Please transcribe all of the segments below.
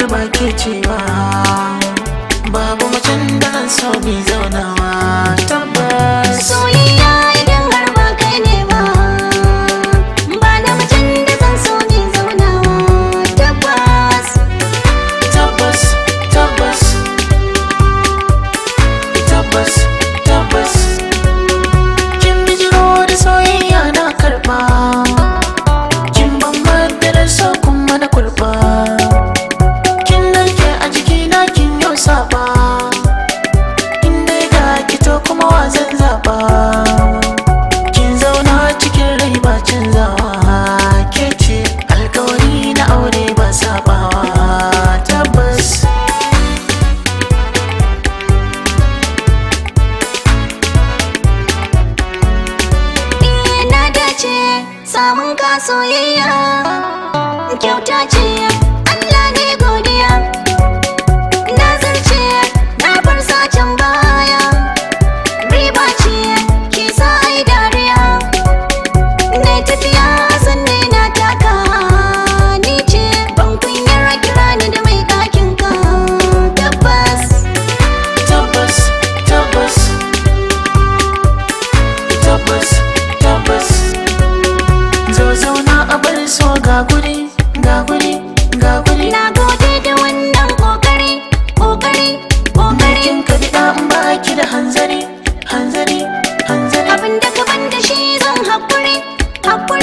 har ba ke cewa babu macen da so bi zaunawa mun ka soyayya kyauta ce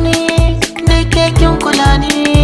ne ke kekin kula ni.